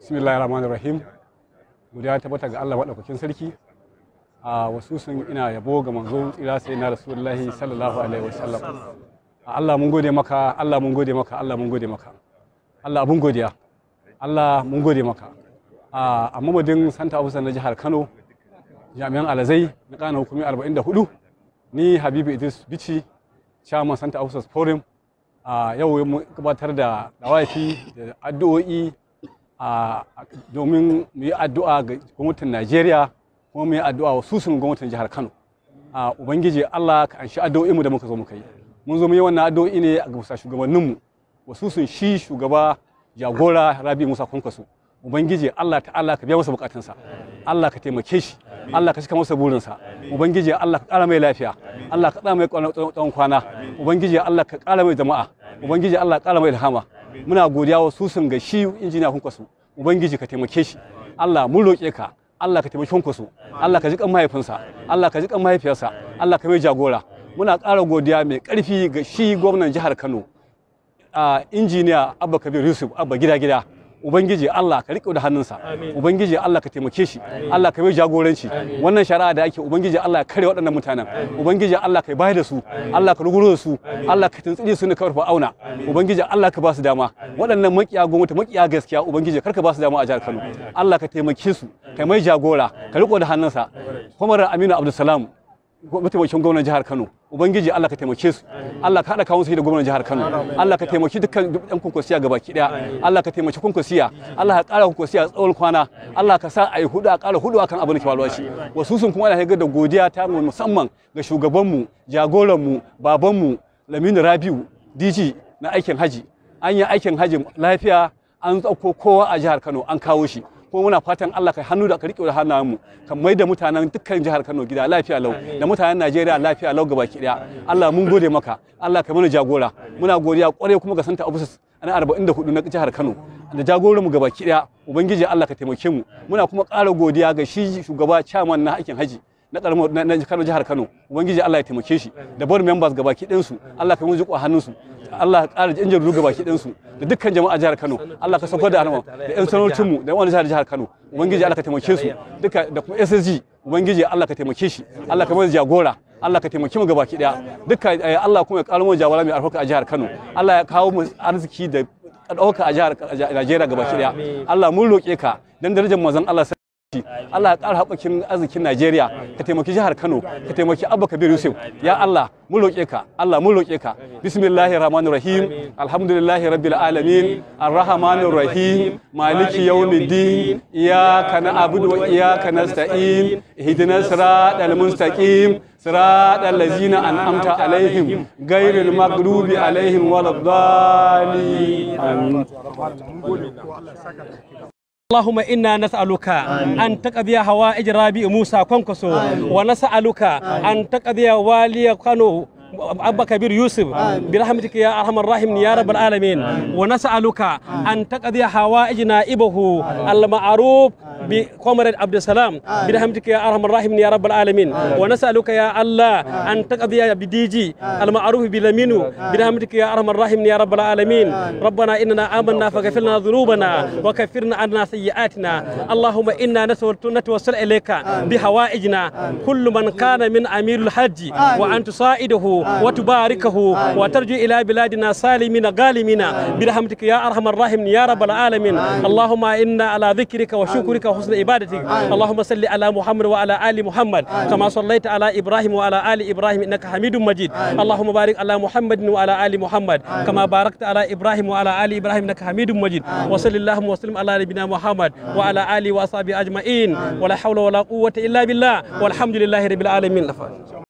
bismillahir rahmanir rahim godiya tabbata ga Allah madaukakin sarki a wasu sun ina yabo ga manzo tsira sai na rasulullahi sallallahu alaihi wasallam Allah mun gode maka Allah mun gode maka Allah mun gode maka Allah abun godiya Allah mun gode maka a mamadin santa abu na jihar Kano jami'an alazai na kana hukumi 44 ni Habibu Idris Bichi chairman santa officers forum a yau mun gabatar da dawafi da addu'o'i a domin mu yi addu'a ga gwamnatin Najeriya kuma mu yi addu'a wa susun gwamnatin jihar Kano a ubangiji Allah ka anshi addu'o'i mu da muka zo muka yi mun zo mu yi wannan addu'o'i ne a shugabannin mu wa susun shi shugaba jagora Rabi Musa Kwankwaso ubangiji Allah ta'ala ka biya masa bukatunsa Allah ka taimake shi Allah ka cika masa burinsa ubangiji Allah ka kara mai lafiya Allah ka kara mai tsawon kwana ubangiji Allah ka kara mai jama'a ubangiji Allah ka kara mai ilhama muna godiya wa sun ga shi injiniya kwasu ubangiji ka taimake shi Allah mun roƙe ka Allah ka taimake kwasu Allah ka ji kan mahaifinsa Allah ka ji kan mahaifiyarsa Allah ka mai jagora muna ƙara godiya mai ƙarfi ga shi gwamnan jihar Kano injiniya Abba Kabir Yusuf Abba gida gida ubangiji Allah ka riƙe da hannunsa ubangiji Allah ka taimake shi Allah ka mai jagoranci wannan shari'a da ake ubangiji Allah ya kare waɗannan mutanen ubangiji Allah ka bayar da su Allah ka ruguro su Allah ka tuntsire su ne ka fa auna ubangiji Allah ka ba su dama waɗannan makiya gwamnati makiya gaskiya ubangiji kar ka ba su dama a jihar Kano Allah ka taimake su ka mai jagora ka riƙe da hannunsa Kwamarar Aminu Abdulsalam mataimakin gwamnan jihar Kano ubangiji Allah ka taimake su Allah ka hada kawo su da gwamnan jihar Kano Allah ka taimaki dukkan ɗan kunkusiya gabaki daya Allah ka taimaki kunkusiya Allah ka ƙara kunkusiya tsawon kwana Allah ka sa ayi hudu a ƙara hudu akan abin da ke faruwa shi wasu sun kuma ana da godiya ta musamman ga shugaban mu shugabanmu jagoranmu babanmu Laminu Rabiu DG na aikin haji an yi aikin haji lafiya an tsauko kowa a jihar Kano an kawo shi kuma muna fatan Allah kai hannu da ka riƙe da hannayen mu ka mai da mutanen dukkan jihar Kano gida lafiya lau da mutanen Najeriya lafiya lau ki daya Allah mun gode maka Allah ka mana jagora muna godiya kwarai kuma ga Santa Abusas ana 44 na jihar Kano da mu gaba ki daya ubangiji Allah ka taimake mu muna kuma ƙara godiya ga shi shugaba chairman na hakin haji na karamar na jihar Kano ubangiji Allah ya taimake shi da board members gabaki su Allah ka mu jiko su. Allah ƙara yan jarudu ga baki ɗinsu da dukkan jama'a jihar Kano Allah ka saukar da alama da yan sanarocin mu da wani jihar Kano ubangiji Allah ka taimake su duka da kuma SSG ubangiji Allah ka taimake shi Allah ka mai jagora Allah ka taimake mu gabaki daya duka eh, Allah kuma ya ƙaro mu jawara mai alfarka a jihar Kano Allah ya kawo mu arziki da ɗauka a jihar Najeriya gabaki daya Allah mun roƙe ka dan darajar manzon Allah Allah ya ƙara haɓakin arzikin Najeriya ka taimaki jihar Kano ka taimaki Abba Kabir Yusuf ya Allah mu roƙe ka Allah mu roƙe ka bismillahir rahmanir rahim alhamdulillahi rabbil alamin arrahmanir rahim maliki yawmiddin iyyaka na'budu wa iyyaka nasta'in ihdinas siratal mustaqim siratal ladzina an'amta alaihim ghairil maghdubi alaihim waladdallin اللهم إنا نسألك أن تقضي هوائج رابي موسى كونكسو ونسألك أن تقضي والي كانوا أبا كبير يوسف برحمتك يا أرحم الراحم يا رب العالمين ونسألك أن تقضي حوائجنا إبه المعروف بقمر عبد السلام برحمتك يا ارحم الراحمين يا رب العالمين ونسالك يا الله ان تقضي بديجي المعروف بلمينو برحمتك يا ارحم الراحمين يا رب العالمين ربنا اننا امنا فغفر لنا ذنوبنا وكفرنا عنا سيئاتنا اللهم انا نتوسل اليك بحوائجنا كل من كان من امير الحج وان تساعده وتباركه وترجو الى بلادنا سالمين غالمين برحمتك يا ارحم الراحمين يا رب العالمين اللهم انا على ذكرك وشكرك حسن عبادتك اللهم صل على محمد وعلى آل محمد كما صليت على إبراهيم وعلى آل إبراهيم إنك حميد مجيد اللهم بارك على محمد وعلى آل محمد كما باركت على إبراهيم وعلى آل إبراهيم إنك حميد مجيد وصل اللهم وسلم على نبينا محمد وعلى آله وأصحابه أجمعين ولا حول ولا قوة إلا بالله والحمد لله رب العالمين